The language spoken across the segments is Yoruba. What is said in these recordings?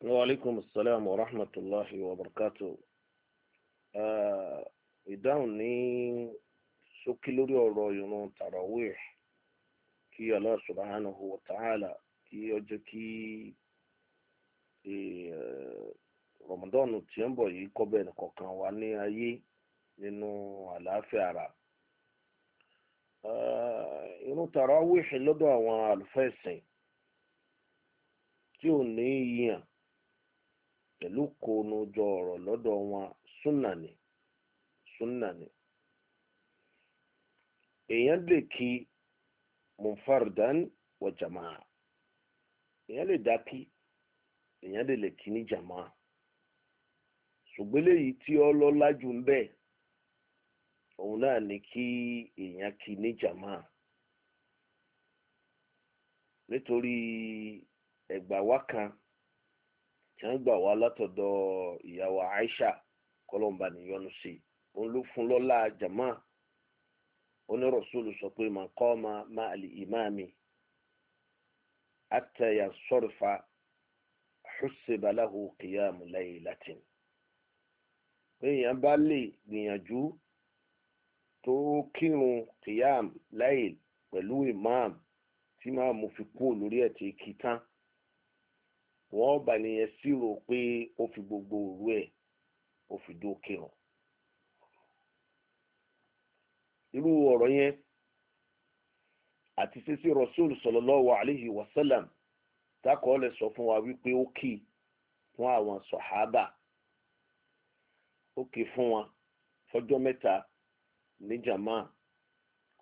Wàlíkùn sàlám wa rahmatulahi wa barakatu. Uh, ìdáhùn ní ṣókí lórí ọ̀rọ̀ ìrun Tarawih kí Allah subhanahu wa ta'ala kí ọjọ́ kí e, Ramadan tí ń bọ̀ yìí kọ́bẹ̀ àlàáfíà ara. Uh, tarawih lọ́dọ̀ àwọn àlùfẹ́ tí ò ní yíyàn pẹ̀lú kóonújọ ọ̀rọ̀ lọ́dọ̀ wọn súnà ni èèyàn lè kí munfardan wọ jamaa èèyàn lè dá kí èèyàn lè lè kí ní jamaa ṣùgbọ́n eléyìí tí ọ lọ jù ń bẹ́ẹ̀ òun náà kí èèyàn kí ní jamaa nítorí ẹgbàá kan. tí wọ́n gbà wá látọ̀dọ̀ ìyàwó Aisha kọlọ́mbà níyọnu sí i òun ló fún lọ́lá jama onírọ̀sọ́lù sọ pé màá kọ́ ma máa lè ìmáàmì àtẹ̀yà sọ́rọ̀fà ṣùṣẹ́bàláhù kìyàmù lẹ́yìn latin. èèyàn bá lè gbìyànjú tó kírun kìyàmù lẹ́yìn pẹ̀lú imam tí máa mú fi kú lórí ẹ̀ tí kì í tán wọ́n bá nìyẹn sírò pé ó fi gbogbo òru ẹ̀ ó fi dókè hàn. irú ọ̀rọ̀ yẹn àti sísí rasul sallallahu alayhi wa sallam tákọ̀ lè sọ fún wa wípé ó kì fún àwọn sọ̀hábà ó kì fún wa fọjọ́ mẹ́ta ní jàmá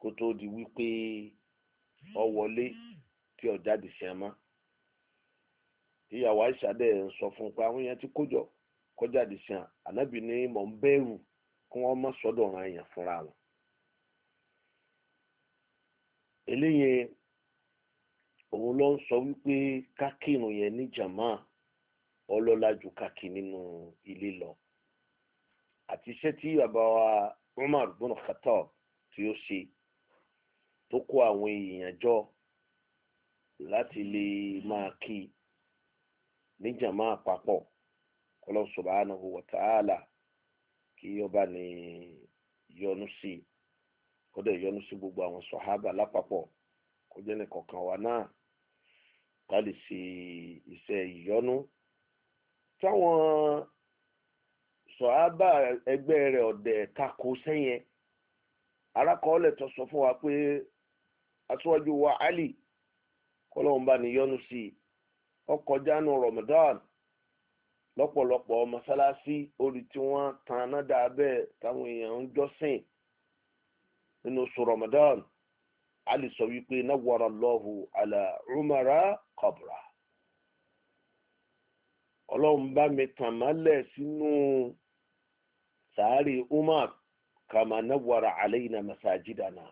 kó tó di wípé ó wọlé tí ó jáde ṣẹ́mọ́. ìyàwó Aisha dẹ̀ ń sọ fún un pé àwọn èèyàn ti kọjá di sàn ànábì ní mọ̀ ń bẹ̀rù kí wọ́n má sọ́dọ̀ ọ̀ràn èèyàn fúnra wọn. òun ló ń sọ wípé kákìrùn yẹn ní jàmá ọlọ́lá ju kákì nínú ilé lọ àti iṣẹ́ tí wa Umar tí ó ṣe tó kó àwọn èèyàn jọ láti lè ní jàmá àpapọ̀ Ọlọ́hun subhanahu wa ta'ala kí ọba ní yọ́nú sí i kódà yọ́nú sí gbogbo àwọn sọ̀hábà lápapọ̀ kó jẹ́ ní kọ̀ọ̀kan wa náà ká lè ṣe iṣẹ́ ìyọ́nú táwọn sọ̀hábà ẹgbẹ́ rẹ̀ ọ̀dẹ̀ tako sẹ́yìn arákọọ́lẹ̀ tó sọ fún wa pé aṣíwájú wa Ali kọ́lọ́hún bá ní yọ́nú sí i ọkọjánu Ramadan lọpọlọpọ masalasi ori tí wọ́n tan aná dá bẹ́ẹ̀ táwọn èèyàn ń jọ́sìn nínú oṣù Ramadan Ali sọ wípé nawara Allahu ala umara qabra ọlọ́run bá mi tàn mọ́lẹ̀ sínú sàárè Umar kama nawara alayna masajidana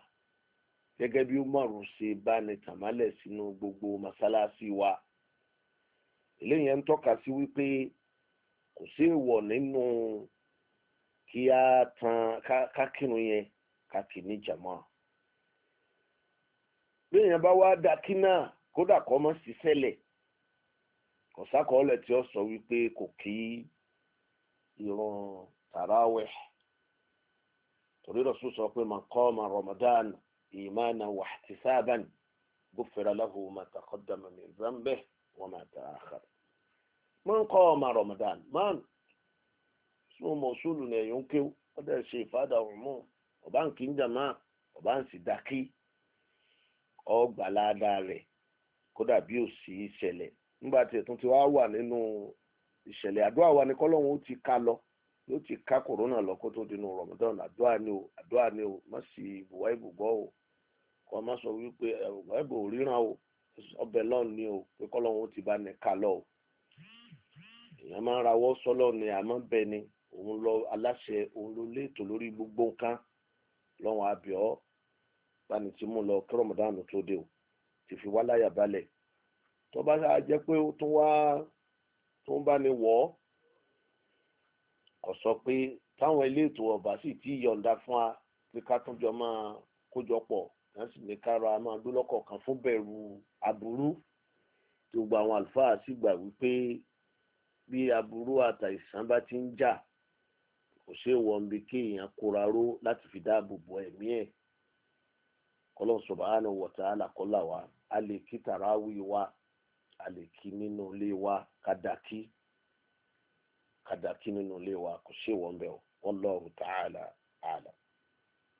gẹ́gẹ́ bí Umar ṣe bá ní tàn mọ́lẹ̀ sínú gbogbo mọ́sálásí wa. eléyìí ń tọ́ka sí wípé kò sí ìwọ̀ nínú kí á tan kákìrún yẹn kákì ní jàmá béèyàn bá wá da kí náà kódà kọ́ mọ́ sí sẹ́lẹ̀ kò sákọọ́lẹ̀ tí ó sọ wípé kò kí ìrun tàràwẹ̀ torí Rasul sọ pé man qama Ramadan imanan wahtisaban ghufira وما تآخر من قام رمضان من اسمه موصول ينكو هذا شيء فهذا عموم وبان كنجما وبان سداكي ọ gbà ládàá kódà bí ò sí ìṣẹ̀lẹ̀ nígbà tí ẹ̀tún ti wá wà nínú ìṣẹ̀lẹ̀ àdúrà wa ni ti ká lọ yóò ti ká kòrónà lọ kó tó Ramadan àdúrà ni o àdúrà ni o má ọbẹ̀ lọ́n ni o pé kọ́lọ́hún ti bá ní ká lọ o èèyàn máa ń rawọ́ sọ́lọ́ ni àmọ́ bẹ ni òun lọ aláṣẹ òun ló léètò lórí gbogbo nǹkan lọ́wọ́n abíọ́ báni ti mú lọ kí rọ̀mọ̀dánù tó dé o ti fi wá láyà balẹ̀ tó bá jẹ́ pé ó tún wá tó ń bá ní wọ̀ kò sọ pé táwọn ilé ètò ọba sì ti yọ̀ǹda fún wa pé ká tún jọ máa kójọ pọ̀ wọ́n sì ní kára máa dó lọ́kọ̀ọ̀kan fún bẹ̀rù aburú tí gbogbo àwọn àlùfáà sì gbà wípé bí aburú àtàìsàn bá ti ń jà kò ṣe é wọ́n bí kéèyàn kóra ró láti fi dáàbò bo ẹ̀mí ẹ̀ kọ́lọ́ subhanahu wa ta'ala kọ́là wa a lè kí tàràwí wa a lè kí nínú ilé wa kàdàkí kàdàkí nínú ilé wa kò ṣe é wọ́n bẹ́ẹ̀ wallahu ta'ala a'lam.